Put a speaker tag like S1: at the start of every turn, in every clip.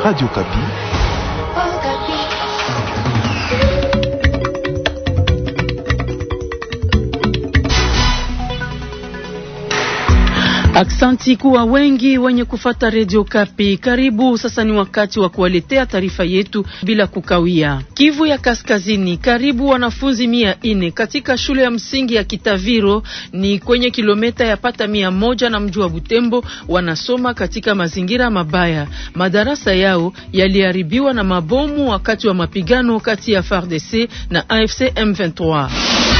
S1: Radio Kapi.
S2: Aksanti kuwa wengi wenye kufata redio Kapi. Karibu sasa, ni wakati wa kuwaletea taarifa yetu bila kukawia. Kivu ya Kaskazini, karibu wanafunzi mia nne katika shule ya msingi ya Kitaviro ni kwenye kilometa ya pata mia moja na mji wa Butembo wanasoma katika mazingira mabaya. Madarasa yao yaliharibiwa na mabomu wakati wa mapigano kati ya FARDC na AFC M23.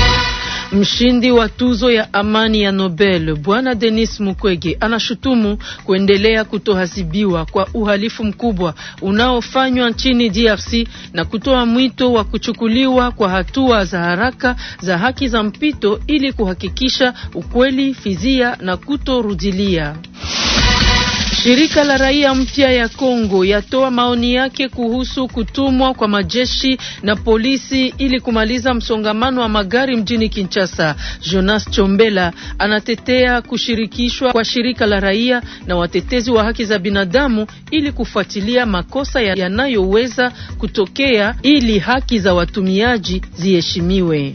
S2: Mshindi wa tuzo ya amani ya Nobel Bwana Denis Mukwege anashutumu kuendelea kutohasibiwa kwa uhalifu mkubwa unaofanywa nchini DRC na kutoa mwito wa kuchukuliwa kwa hatua za haraka za haki za mpito ili kuhakikisha ukweli, fizia na kutorudilia. Shirika la raia mpya ya Kongo yatoa maoni yake kuhusu kutumwa kwa majeshi na polisi ili kumaliza msongamano wa magari mjini Kinshasa. Jonas Chombela anatetea kushirikishwa kwa shirika la raia na watetezi wa haki za binadamu ili kufuatilia makosa yanayoweza kutokea ili haki za watumiaji ziheshimiwe.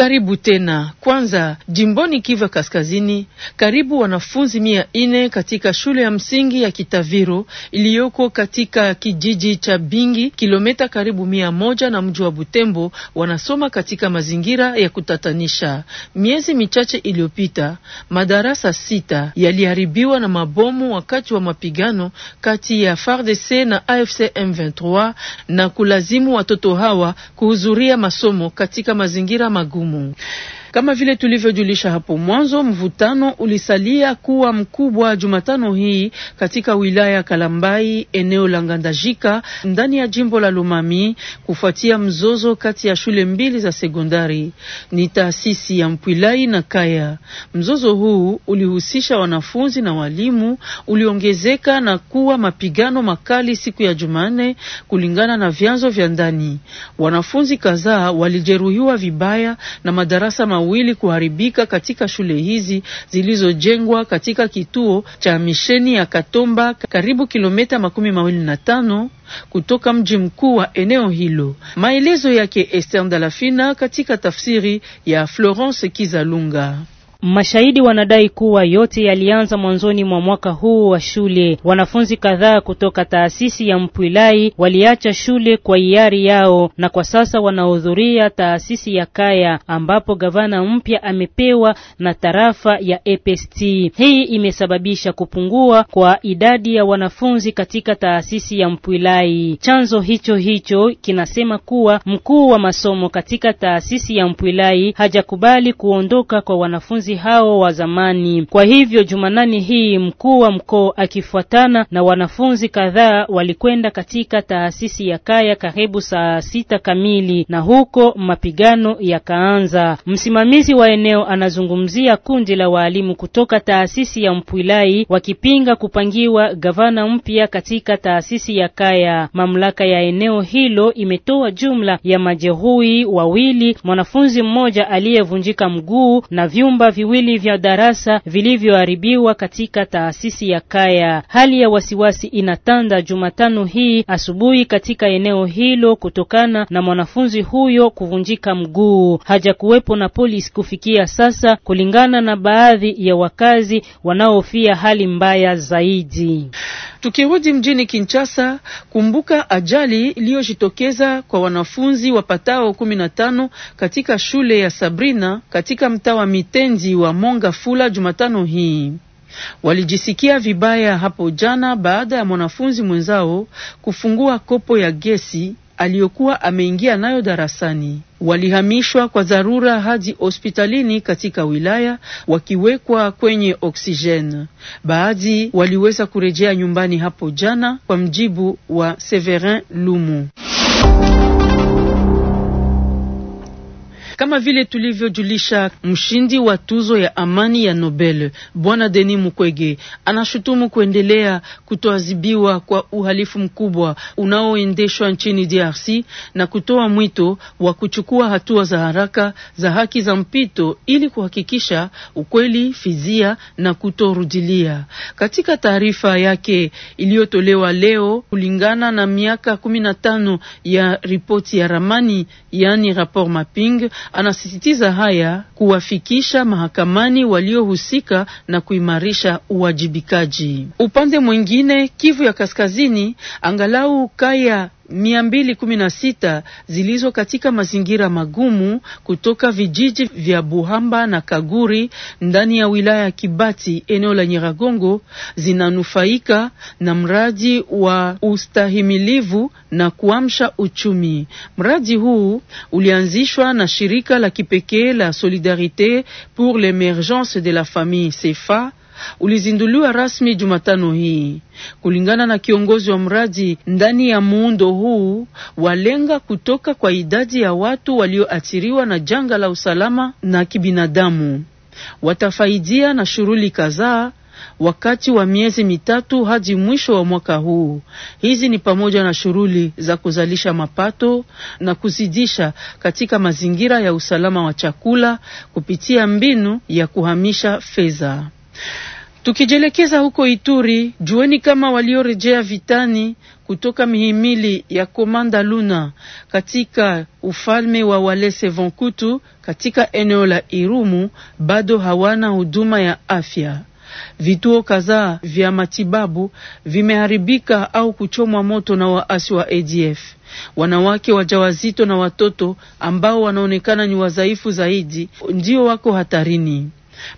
S2: Karibu tena. Kwanza, jimboni Kiva Kaskazini, karibu wanafunzi mia nne katika shule ya msingi ya Kitaviro iliyoko katika kijiji cha Bingi, kilomita karibu mia moja na mji wa Butembo, wanasoma katika mazingira ya kutatanisha. Miezi michache iliyopita, madarasa sita yaliharibiwa na mabomu wakati wa mapigano kati ya FARDC na AFC M23 na kulazimu watoto hawa kuhudhuria masomo katika mazingira magumu. comum. Kama vile tulivyojulisha hapo mwanzo, mvutano ulisalia kuwa mkubwa Jumatano hii katika wilaya ya Kalambai, eneo la Ngandajika ndani ya jimbo la Lumami, kufuatia mzozo kati ya shule mbili za sekondari, ni taasisi ya Mpwilai na Kaya. Mzozo huu ulihusisha wanafunzi na walimu, uliongezeka na kuwa mapigano makali siku ya Jumanne, kulingana na vyanzo vya ndani. Wanafunzi kadhaa walijeruhiwa vibaya na madarasa ma mawili kuharibika katika shule hizi zilizojengwa katika kituo cha misheni ya Katomba karibu kilomita makumi mawili na tano kutoka mji mkuu wa eneo hilo. Maelezo yake Esther Dalafina katika tafsiri ya Florence Kizalunga.
S3: Mashahidi wanadai kuwa yote yalianza mwanzoni mwa mwaka huu wa shule. Wanafunzi kadhaa kutoka taasisi ya Mpwilai waliacha shule kwa hiari yao na kwa sasa wanahudhuria taasisi ya Kaya ambapo gavana mpya amepewa na tarafa ya EPST. Hii imesababisha kupungua kwa idadi ya wanafunzi katika taasisi ya Mpwilai. Chanzo hicho hicho kinasema kuwa mkuu wa masomo katika taasisi ya Mpwilai hajakubali kuondoka kwa wanafunzi viongozi hao wa zamani. Kwa hivyo Jumanani hii mkuu wa mkoa akifuatana na wanafunzi kadhaa walikwenda katika taasisi ya Kaya karibu saa sita kamili na huko mapigano yakaanza. Msimamizi wa eneo anazungumzia kundi la waalimu kutoka taasisi ya Mpwilai wakipinga kupangiwa gavana mpya katika taasisi ya Kaya. Mamlaka ya eneo hilo imetoa jumla ya majeruhi wawili, mwanafunzi mmoja aliyevunjika mguu na vyumba viwili vya darasa vilivyoharibiwa katika taasisi ya Kaya. Hali ya wasiwasi inatanda Jumatano hii asubuhi katika eneo hilo kutokana na mwanafunzi huyo kuvunjika mguu. Hajakuwepo na polisi kufikia sasa, kulingana na baadhi ya wakazi wanaohofia hali mbaya zaidi. Tukirudi mjini Kinshasa, kumbuka ajali iliyojitokeza kwa wanafunzi
S2: wapatao kumi na tano katika shule ya Sabrina katika mtaa wa Mitenzi wa Monga Fula Jumatano hii walijisikia vibaya hapo jana baada ya mwanafunzi mwenzao kufungua kopo ya gesi aliyokuwa ameingia nayo darasani. Walihamishwa kwa dharura hadi hospitalini katika wilaya wakiwekwa kwenye oksijeni. Baadhi waliweza kurejea nyumbani hapo jana, kwa mjibu wa Severin Lumu. Kama vile tulivyojulisha, mshindi wa tuzo ya amani ya Nobel Bwana Denis Mukwege anashutumu kuendelea kutoadhibiwa kwa uhalifu mkubwa unaoendeshwa nchini DRC na kutoa mwito wa kuchukua hatua za haraka za haki za mpito ili kuhakikisha ukweli, fizia na kutorudilia. Katika taarifa yake iliyotolewa leo kulingana na miaka kumi na tano ya ripoti ya ramani, yani rapport mapping Anasisitiza haya kuwafikisha mahakamani waliohusika na kuimarisha uwajibikaji. Upande mwingine, Kivu ya Kaskazini, angalau kaya 216 zilizo katika mazingira magumu kutoka vijiji vya Buhamba na Kaguri ndani ya wilaya ya Kibati eneo la Nyiragongo zinanufaika na mradi wa ustahimilivu na kuamsha uchumi. Mradi huu ulianzishwa na shirika la kipekee la Solidarite pour l'Emergence de la Famille CEFA ulizinduliwa rasmi Jumatano hii. Kulingana na kiongozi wa mradi, ndani ya muundo huu walenga kutoka kwa idadi ya watu walioathiriwa na janga la usalama na kibinadamu. Watafaidia na shughuli kadhaa wakati wa miezi mitatu hadi mwisho wa mwaka huu. Hizi ni pamoja na shughuli za kuzalisha mapato na kuzidisha katika mazingira ya usalama wa chakula kupitia mbinu ya kuhamisha fedha. Tukijielekeza huko Ituri, jueni kama waliorejea vitani kutoka mihimili ya Komanda Luna katika ufalme wa Walese Vonkutu katika eneo la Irumu bado hawana huduma ya afya. Vituo kadhaa vya matibabu vimeharibika au kuchomwa moto na waasi wa ADF. Wanawake wajawazito na watoto ambao wanaonekana ni wadhaifu zaidi ndio wako hatarini.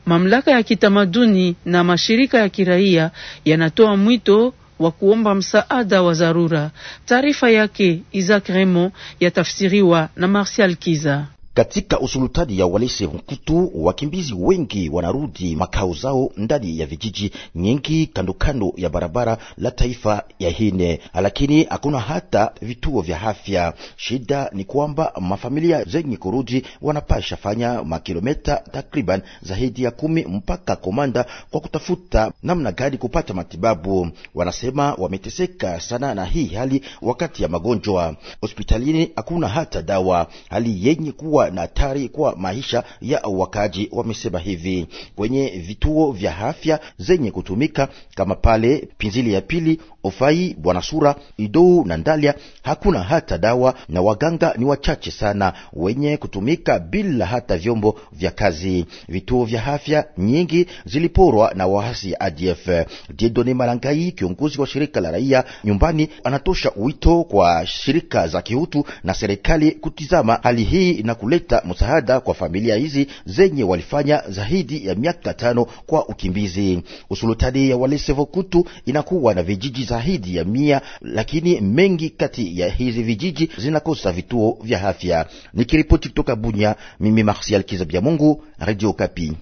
S2: Mamlaka ya kitamaduni na mashirika ya kiraia yanatoa mwito wa kuomba msaada wa dharura. Taarifa yake Isaac Remo yatafsiriwa na Martial Kiza.
S4: Katika usultani ya Walese Mkutu, wakimbizi wengi wanarudi makao zao ndani ya vijiji nyingi kandokando ya barabara la taifa ya hine, lakini hakuna hata vituo vya afya. Shida ni kwamba mafamilia zenye kurudi wanapasha fanya makilometa takriban zaidi ya kumi mpaka Komanda kwa kutafuta namna gani kupata matibabu. Wanasema wameteseka sana na hii hali wakati ya magonjwa. Hospitalini hakuna hata dawa, hali yenye kuwa kuwa na hatari kwa maisha ya wakaji. Wamesema hivi kwenye vituo vya afya zenye kutumika kama pale Pinzili ya pili, Ofai, Sura, Idou na Ndalia, hakuna hata dawa na waganga ni wachache sana wenye kutumika bila hata vyombo vya kazi. Vituo vya afya nyingi ziliporwa na waasi ya ADF. Diedone Malangai, kiongozi wa shirika la raia nyumbani, anatosha wito kwa shirika za kiutu na serikali kutizama hali hii na kuleta msaada kwa familia hizi zenye walifanya zaidi ya miaka tano kwa ukimbizi. Usultani ya Walesevokutu inakuwa na vijiji zaidi ya mia, lakini mengi kati ya hizi vijiji zinakosa vituo vya afya. Nikiripoti kutoka Bunya, mimi Marsial Kizabya Mungu, Radio Kapi.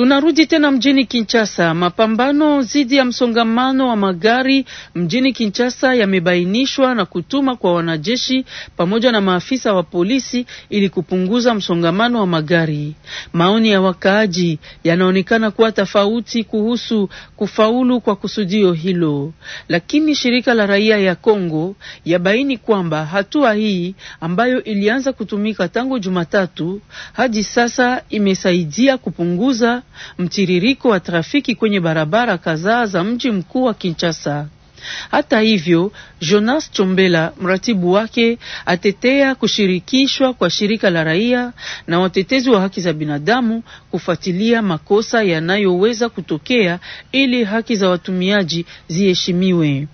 S2: Tunarudi tena mjini Kinshasa. Mapambano dhidi ya msongamano wa magari mjini Kinshasa yamebainishwa na kutuma kwa wanajeshi pamoja na maafisa wa polisi ili kupunguza msongamano wa magari. Maoni ya wakaaji yanaonekana kuwa tofauti kuhusu kufaulu kwa kusudio hilo, lakini shirika la raia ya Kongo yabaini kwamba hatua hii ambayo ilianza kutumika tangu Jumatatu hadi sasa imesaidia kupunguza mtiririko wa trafiki kwenye barabara kadhaa za mji mkuu wa Kinshasa. Hata hivyo, Jonas Chombela, mratibu wake, atetea kushirikishwa kwa shirika la raia na watetezi wa haki za binadamu kufuatilia makosa yanayoweza kutokea ili haki za watumiaji ziheshimiwe.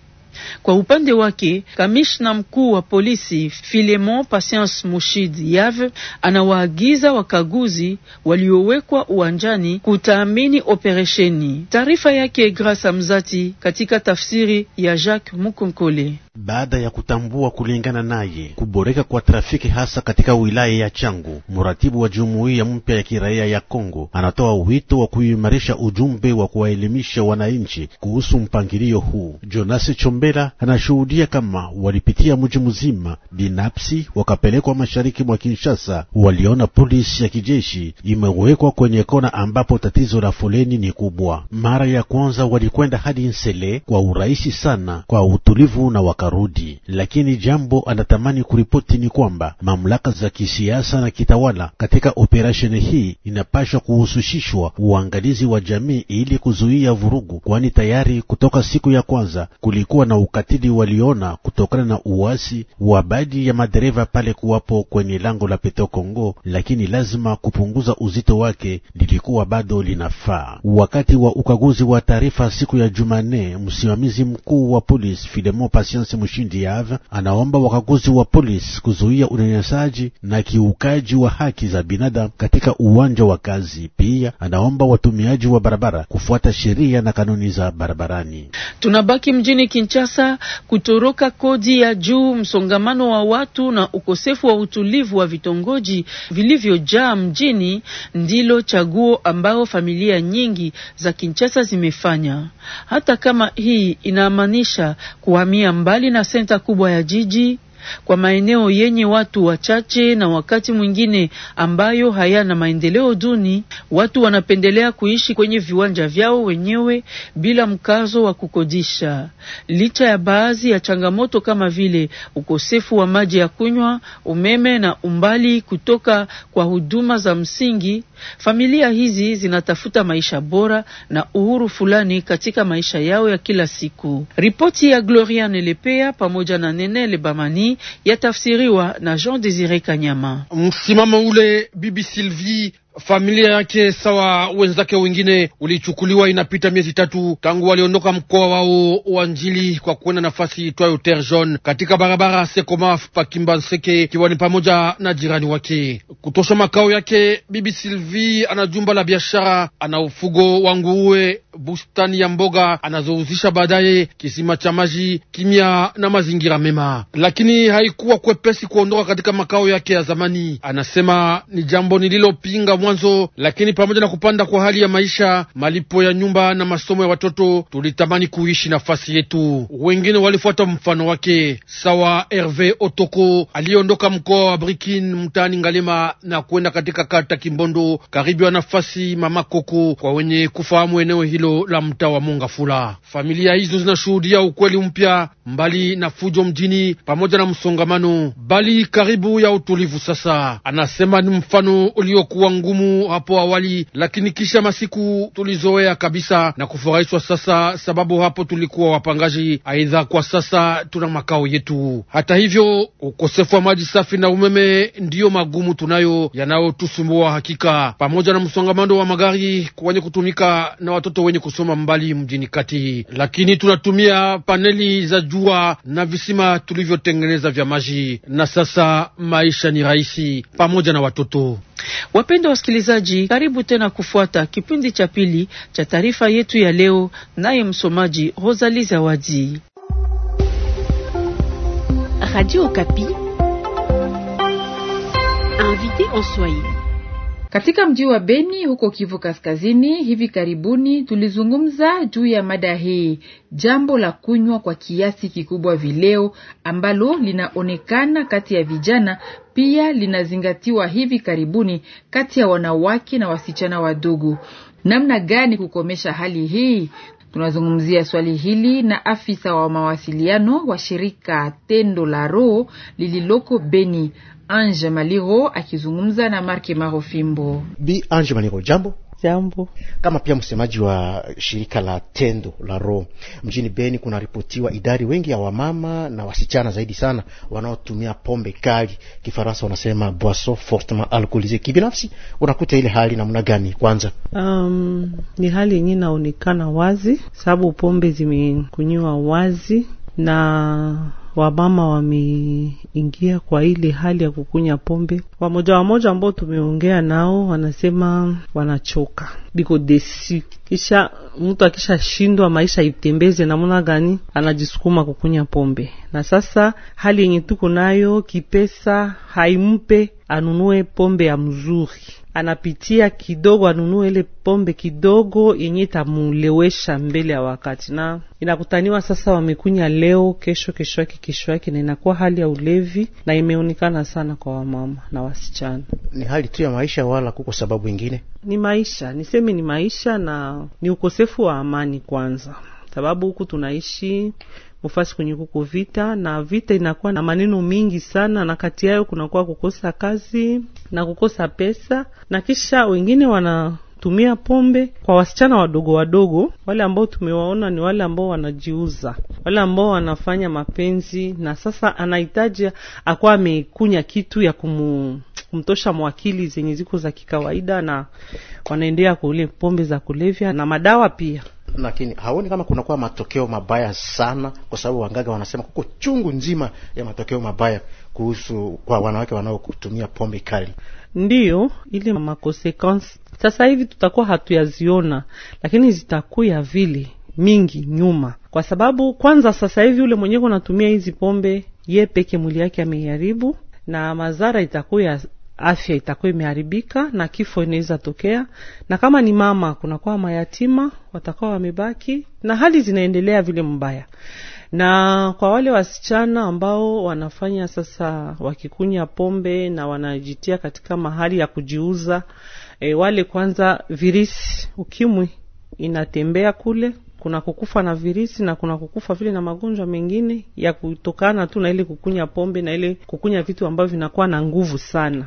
S2: Kwa upande wake kamishna mkuu wa polisi Filemon Patience Mushidi Yave anawaagiza wakaguzi waliowekwa uwanjani kutaamini operesheni. Taarifa yake Grasa Mzati katika tafsiri ya Jacques Mukonkole baada
S1: ya kutambua kulingana naye kuboreka kwa trafiki hasa katika wilaya ya Changu. Mratibu wa jumuiya mpya ya kiraia ya Kongo anatoa wito wa kuimarisha ujumbe wa kuwaelimisha wananchi kuhusu mpangilio huu. Jonasi Chombela anashuhudia kama walipitia mji mzima binafsi, wakapelekwa mashariki mwa Kinshasa, waliona polisi ya kijeshi imewekwa kwenye kona ambapo tatizo la foleni ni kubwa. Mara ya kwanza walikwenda hadi Nsele kwa urahisi sana, kwa utulivu na wakati akarudi. Lakini jambo anatamani kuripoti ni kwamba mamlaka za kisiasa na kitawala katika operesheni hii inapashwa kuhusushishwa uangalizi wa jamii ili kuzuia vurugu, kwani tayari kutoka siku ya kwanza kulikuwa na ukatili waliona kutokana na uasi wa baadhi ya madereva pale kuwapo kwenye lango la Peto Kongo, lakini lazima kupunguza uzito wake lilikuwa bado linafaa. Wakati wa ukaguzi wa taarifa siku ya Jumanne, msimamizi mkuu wa polisi Filemo Patience Mshindi Yava anaomba wakaguzi wa polisi kuzuia unyanyasaji na kiukaji wa haki za binadamu katika uwanja wa kazi. Pia anaomba watumiaji wa barabara kufuata sheria na kanuni za barabarani.
S2: Tunabaki mjini Kinshasa, kutoroka kodi ya juu, msongamano wa watu na ukosefu wa utulivu wa vitongoji vilivyojaa mjini ndilo chaguo ambao familia nyingi za Kinshasa zimefanya, hata kama hii inamaanisha kuhamia mbali mbali na senta kubwa ya jiji kwa maeneo yenye watu wachache na wakati mwingine ambayo hayana maendeleo duni, watu wanapendelea kuishi kwenye viwanja vyao wenyewe bila mkazo wa kukodisha. Licha ya baadhi ya changamoto kama vile ukosefu wa maji ya kunywa, umeme na umbali kutoka kwa huduma za msingi, familia hizi zinatafuta maisha bora na uhuru fulani katika maisha yao ya kila siku. Ripoti ya Gloria Nelepea pamoja na Nene Lebamani yatafsiriwa na Jean Desire Kanyama. Msimamo ule
S5: Bibi Sylvie familia yake sawa wenzake wengine ulichukuliwa inapita miezi tatu tangu waliondoka mkoa wao wa Njili kwa kuenda nafasi itwayo Terjon katika barabara Sekomaf Pakimba Nseke, ikiwa ni pamoja na jirani wake. Kutosha makao yake, Bibi Sylvie ana jumba la biashara, ana ufugo wa nguruwe, bustani ya mboga anazouzisha, baadaye kisima cha maji, kimya na mazingira mema, lakini haikuwa kwepesi kuondoka katika makao yake ya zamani. Anasema ni jambo nililopinga mwanzo, lakini pamoja na kupanda kwa hali ya maisha, malipo ya nyumba na masomo ya watoto, tulitamani kuishi nafasi yetu. Wengine walifuata mfano wake, sawa Herve Otoko aliyeondoka mkoa wa Brikin mtaani Ngalema na kwenda katika kata Kimbondo karibu ya nafasi Mama Koko, kwa wenye kufahamu eneo hilo la mtaa wa Mongafula. Familia hizo zinashuhudia ukweli mpya, mbali na fujo mjini pamoja na msongamano, bali karibu ya utulivu. Sasa anasema ni mfano uliokuwa ngumu magumu hapo awali, lakini kisha masiku tulizoea kabisa na kufurahishwa sasa, sababu hapo tulikuwa wapangaji. Aidha, kwa sasa tuna makao yetu. Hata hivyo, ukosefu wa maji safi na umeme ndiyo magumu tunayo yanayotusumbua hakika, pamoja na msongamano wa magari kuwenye kutumika na watoto wenye kusoma mbali mjini kati, lakini tunatumia paneli za jua na visima
S2: tulivyotengeneza vya maji, na sasa maisha ni rahisi pamoja na watoto. Wapendwa wasikilizaji, karibu tena kufuata kipindi cha pili cha taarifa yetu ya leo, naye msomaji Rosali Zawadi,
S6: Radio Okapi,
S3: invité en Swahili.
S6: Katika mji wa Beni huko Kivu Kaskazini, hivi karibuni tulizungumza juu ya mada hii, jambo la kunywa kwa kiasi kikubwa vileo ambalo linaonekana kati ya vijana, pia linazingatiwa hivi karibuni kati ya wanawake na wasichana wadogo. Namna gani kukomesha hali hii? Tunazungumzia swali hili na afisa wa mawasiliano wa shirika Tendo la Roho lililoko Beni Ange Maliro akizungumza na Marke Marofimbo.
S7: Bi Ange Maliro, jambo. Jambo. Kama pia msemaji wa shirika la tendo la ro mjini Beni, kunaripotiwa idadi wengi ya wamama na wasichana zaidi sana wanaotumia pombe kali, Kifaransa wanasema boisson fortement alcoolisee. Kibinafsi unakuta ile hali namna gani? Kwanza
S8: um, ni hali yenye inaonekana wazi, sababu pombe zimekunyiwa wazi na wamama wameingia kwa ile hali ya kukunya pombe. Wamoja wamoja ambao tumeongea nao wanasema wanachoka biko desi kisha mtu akishashindwa maisha itembeze namna gani, anajisukuma kukunya pombe. Na sasa hali yenye tuko nayo kipesa haimpe anunue pombe ya mzuri, anapitia kidogo, anunue ile pombe kidogo yenye itamulewesha mbele ya wakati. Na inakutaniwa sasa, wamekunya leo, kesho, kesho yake, kesho yake, na inakuwa hali ya ulevi, na imeonekana sana kwa wamama na wasichana. Ni hali tu ya maisha, wala kuko sababu ingine? Ni maisha niseme tuseme ni maisha na ni ukosefu wa amani kwanza, sababu huku tunaishi mufasi kwenye kuko vita na vita inakuwa na maneno mingi sana, na kati yayo kunakuwa kukosa kazi na kukosa pesa, na kisha wengine wanatumia pombe kwa wasichana wadogo wadogo. Wale ambao tumewaona ni wale ambao wanajiuza, wale ambao wanafanya mapenzi, na sasa anahitaji akuwa amekunya kitu ya kumu kumtosha mwakili zenye ziko za kikawaida, na wanaendea kwa ule pombe za kulevya na madawa pia.
S7: Lakini haoni kama kunakuwa matokeo mabaya sana, kwa sababu wanganga wanasema kuko chungu nzima ya matokeo mabaya kuhusu kwa wanawake wanaokutumia pombe kali.
S8: Ndiyo ile makonsekansi sasa hivi tutakuwa hatuyaziona, lakini zitakuya vile mingi nyuma, kwa sababu kwanza, sasa hivi ule mwenyewe unatumia hizi pombe ye peke mwili yake ameharibu, na madhara itakuwa afya itakuwa imeharibika na kifo inaweza tokea, na kama ni mama, kunakuwa mayatima watakuwa wamebaki, na hali zinaendelea vile mbaya. Na kwa wale wasichana ambao wanafanya sasa, wakikunya pombe na wanajitia katika mahali ya kujiuza e, wale kwanza, virisi ukimwi inatembea kule kuna kukufa na virisi na kuna kukufa vile na magonjwa mengine ya kutokana tu na ile kukunya pombe na ile kukunya vitu ambavyo vinakuwa na nguvu sana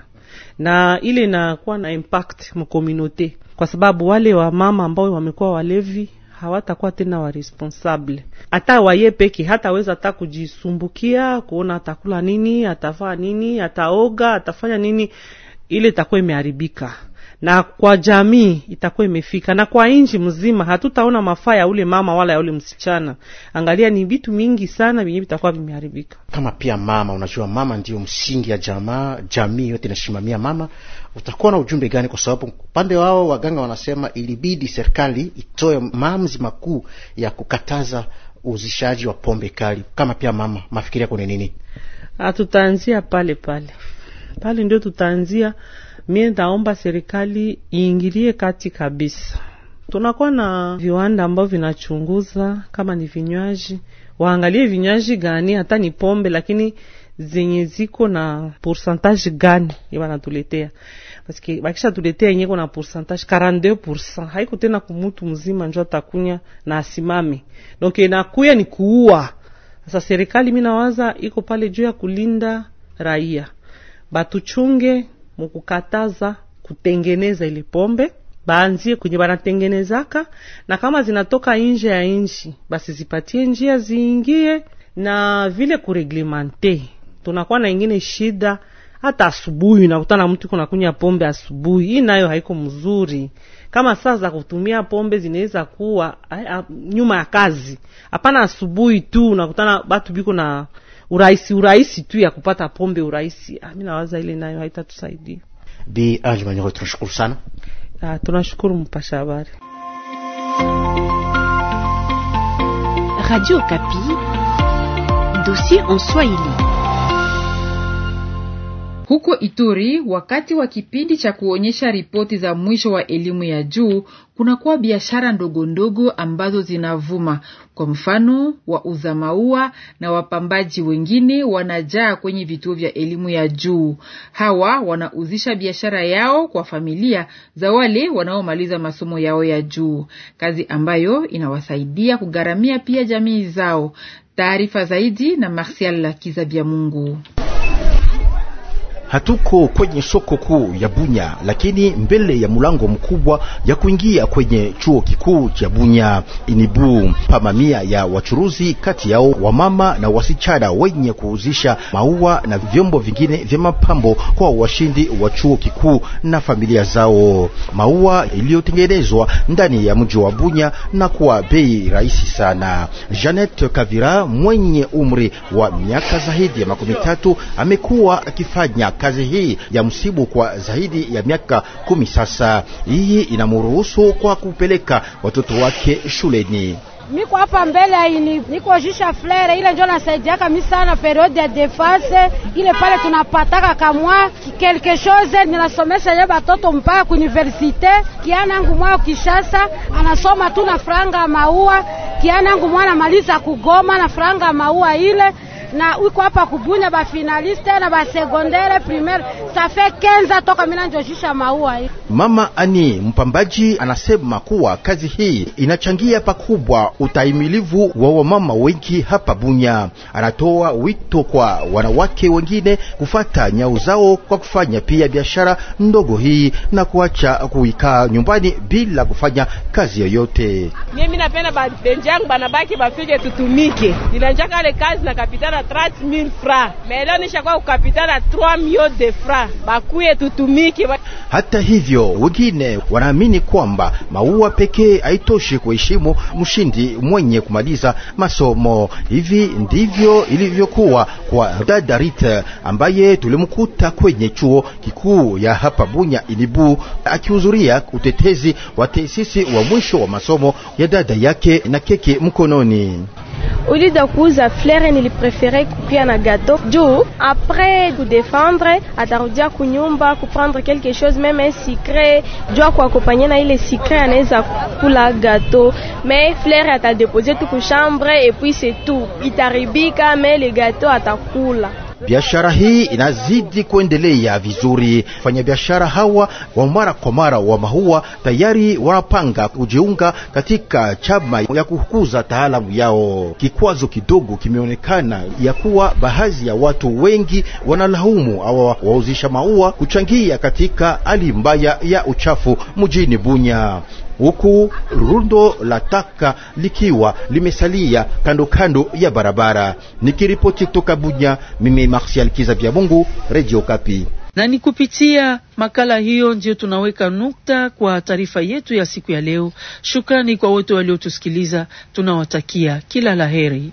S8: na ile inakuwa na impact mkomunote, kwa sababu wale wa mama ambao wamekuwa walevi hawatakuwa tena waresponsable. Hata waye peke hataweza hata kujisumbukia kuona atakula nini, atavaa nini, ataoga, atafanya nini, ile itakuwa imeharibika na kwa jamii itakuwa imefika, na kwa nchi mzima hatutaona mafaa ya ule mama wala ya ule msichana. Angalia, ni vitu mingi sana vyenye vitakuwa vimeharibika. Kama
S7: pia mama, unajua mama ndiyo msingi ya jamaa, jamii yote inasimamia mama. Utakuwa na ujumbe gani? Kwa sababu upande wao waganga wanasema ilibidi serikali itoe maamuzi makuu ya kukataza uzishaji wa pombe kali. Kama pia mama, mafikiria kuna nini?
S8: Ah, tutaanzia pale pale pale, ndio tutaanzia mie ndaomba serikali iingilie kati kabisa. Tunakuwa na viwanda ambao vinachunguza kama ni vinywaji, waangalie vinywaji gani, hata ni pombe, lakini zenye ziko na pourcentage gani wanatuletea, paske bakisha tuletea yenye kuna pourcentage 42%, haiko tena kumutu mzima njo atakunya na asimame, donc nakuya ni kuua. Sasa serikali, mi nawaza iko pale juu ya kulinda raia, batuchunge mukukataza kutengeneza ile pombe baanzie kwenye banatengenezaka, na kama zinatoka nje ya nchi basi zipatie njia ziingie, na vile kureglemente. Tunakuwa na ingine shida hata asubuhi nakutana mtu kuna kunya pombe asubuhi, hii nayo haiko mzuri. Kama saa za kutumia pombe zinaweza kuwa a, a, nyuma ya kazi, hapana asubuhi tu nakutana batu biko na urahisi urahisi tu ya kupata pombe urahisi. Ah, mimi nawaza ile nayo haitatusaidia.
S4: Bi
S7: Manyoro, tunashukuru sana.
S8: Ah, tunashukuru mpasha habari
S6: Radio Kapi, dossier en Swahili. Huko Ituri, wakati wa kipindi cha kuonyesha ripoti za mwisho wa elimu ya juu, kunakuwa biashara ndogo ndogo ambazo zinavuma. Kwa mfano, wauza maua na wapambaji wengine wanajaa kwenye vituo vya elimu ya juu. Hawa wanauzisha biashara yao kwa familia za wale wanaomaliza masomo yao ya juu, kazi ambayo inawasaidia kugharamia pia jamii zao. Taarifa zaidi na Martial Kiza Bya Mungu.
S4: Hatuko kwenye soko kuu ya Bunya, lakini mbele ya mlango mkubwa ya kuingia kwenye chuo kikuu cha Bunya. Inibu pamamia ya wachuruzi, kati yao wamama na wasichana wenye kuuzisha maua na vyombo vingine vya mapambo kwa washindi wa chuo kikuu na familia zao. Maua iliyotengenezwa ndani ya mji wa Bunya na kwa bei rahisi sana. Janet Kavira mwenye umri wa miaka zaidi ya makumi tatu amekuwa akifanya kazi hii ya msibu kwa zaidi ya miaka kumi sasa. Hii inamruhusu kwa kupeleka watoto wake shuleni.
S6: Miko hapa mbele aini niko jisha flere ile njo nasaidiaka mi sana periode ya defense ile pale tunapataka kamwa quelque chose, ninasomesha ye batoto mpaka ku universite. Kianangu mwa Kishasa anasoma tu na franga maua, kianangu mwa anamaliza kugoma na franga maua ile na uko hapa kubunya finaliste na secondaire primaire 15 ans toka mina njoshisha maua hii.
S4: Mama Ani mpambaji anasema kuwa kazi hii inachangia pakubwa utaimilivu wa wamama wengi hapa Bunya. Anatoa wito kwa wanawake wengine kufata nyao zao kwa kufanya pia biashara ndogo hii na kuacha kuikaa nyumbani bila kufanya kazi yoyote.
S3: Mimi napenda
S2: benjangu banabaki bafike tutumike, ninanjaka ile kazi na kapitana na 30 000 francs Mais melionisha capital kukapitana 3 millions de francs bakuye tutumiki. Hata
S4: hivyo wengine wanaamini kwamba maua pekee haitoshi kuheshimu mshindi mwenye kumaliza masomo. Hivi ndivyo ilivyokuwa kwa dada Rita eh, ambaye tulimkuta kwenye chuo kikuu ya hapa Bunya Ilibu akihudhuria utetezi wa tesisi wa mwisho wa masomo ya dada yake na keki mkononi.
S3: Uli da kuuza flere niliprefere kupia na gato juu apre kudefendre atarudia kunyumba kuprendre quelque chose meme sikre jua kuakompanye na ile sikre anaweza kula gato me flere atadepose tu kuchambre et puis c'est itaribika me le gato ata chakula.
S4: Biashara hii inazidi kuendelea vizuri. Wafanyabiashara hawa wa mara kwa mara wa mahua tayari wanapanga kujiunga katika chama ya kukuza taalamu yao. Kikwazo kidogo kimeonekana ya kuwa baadhi ya watu wengi wanalaumu awa wauzisha maua kuchangia katika hali mbaya ya uchafu mjini Bunya huku rundo la taka likiwa limesalia kando kando ya barabara. Nikiripoti kutoka Bunya, mimi Martial vya Mungu, Radio Kapi.
S2: Na ni kupitia makala hiyo ndio tunaweka nukta kwa taarifa yetu ya siku ya leo. Shukrani kwa wote waliotusikiliza, tunawatakia kila laheri.